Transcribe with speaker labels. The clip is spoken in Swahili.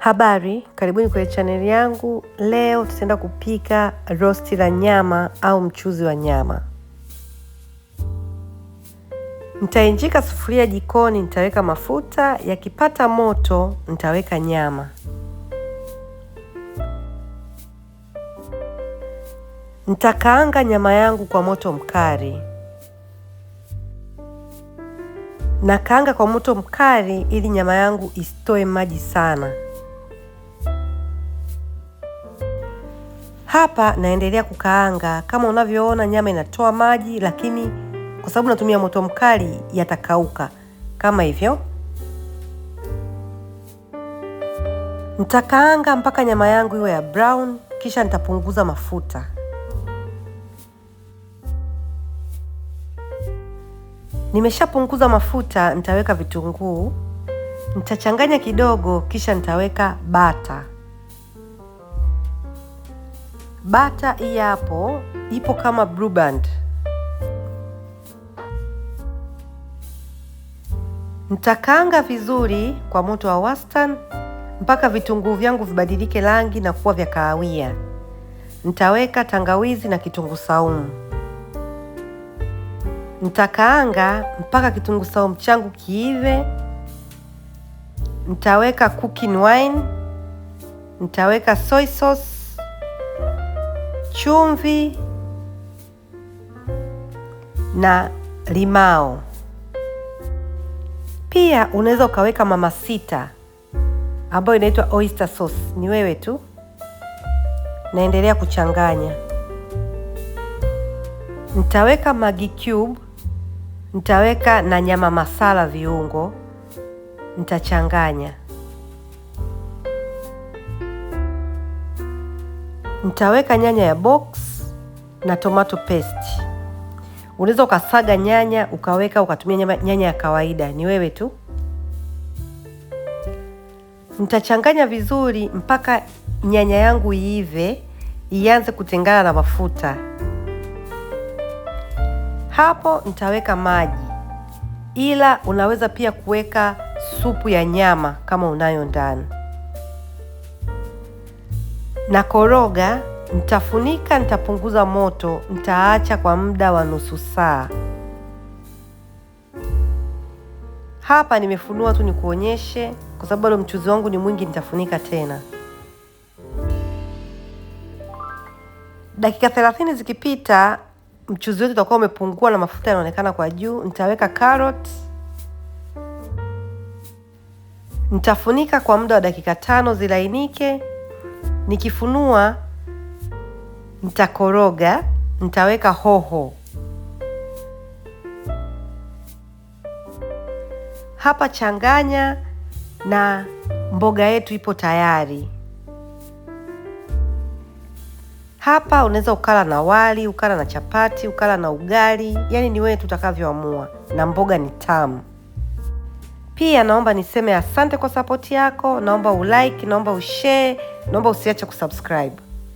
Speaker 1: Habari, karibuni kwenye chaneli yangu. Leo tutaenda kupika rosti la nyama au mchuzi wa nyama. Nitainjika sufuria jikoni, nitaweka mafuta. Yakipata moto, nitaweka nyama. Nitakaanga nyama yangu kwa moto mkali. Nakaanga kwa moto mkali ili nyama yangu isitoe maji sana. Hapa naendelea kukaanga kama unavyoona, nyama inatoa maji, lakini kwa sababu natumia moto mkali yatakauka kama hivyo. Nitakaanga mpaka nyama yangu iwe ya brown, kisha nitapunguza mafuta. Nimeshapunguza mafuta, nitaweka vitunguu, nitachanganya kidogo, kisha nitaweka bata. Bata hii hapo ipo kama blue band. Nitakaanga vizuri kwa moto wa wastani mpaka vitunguu vyangu vibadilike rangi na kuwa vya kahawia. Nitaweka tangawizi na kitunguu saumu. Nitakaanga mpaka kitunguu saumu changu kiive. Nitaweka cooking wine, nitaweka soy sauce chumvi na limao. Pia unaweza ukaweka mamasita ambayo inaitwa oyster sauce. Ni wewe tu, naendelea kuchanganya. Nitaweka magi cube, nitaweka na nyama masala viungo, nitachanganya. Nitaweka nyanya ya box na tomato paste. Unaweza ukasaga nyanya ukaweka ukatumia nyanya ya kawaida, ni wewe tu. Nitachanganya vizuri mpaka nyanya yangu iive, ianze kutengana na mafuta. Hapo nitaweka maji, ila unaweza pia kuweka supu ya nyama kama unayo ndani na koroga nitafunika, nitapunguza moto, nitaacha kwa muda wa nusu saa. Hapa nimefunua tu nikuonyeshe, kwa sababu bado mchuzi wangu ni mwingi, nitafunika tena. Dakika 30 zikipita, mchuzi wetu utakuwa umepungua na mafuta yanaonekana kwa juu. Nitaweka carrot, nitafunika kwa muda wa dakika tano zilainike. Nikifunua nitakoroga, nitaweka hoho hapa. Changanya na mboga yetu ipo tayari. Hapa unaweza ukala na wali, ukala na chapati, ukala na ugali, yaani ni wewe tutakavyoamua, na mboga ni tamu. Pia naomba niseme asante kwa sapoti yako, naomba ulike, naomba ushare, naomba usiache kusubscribe.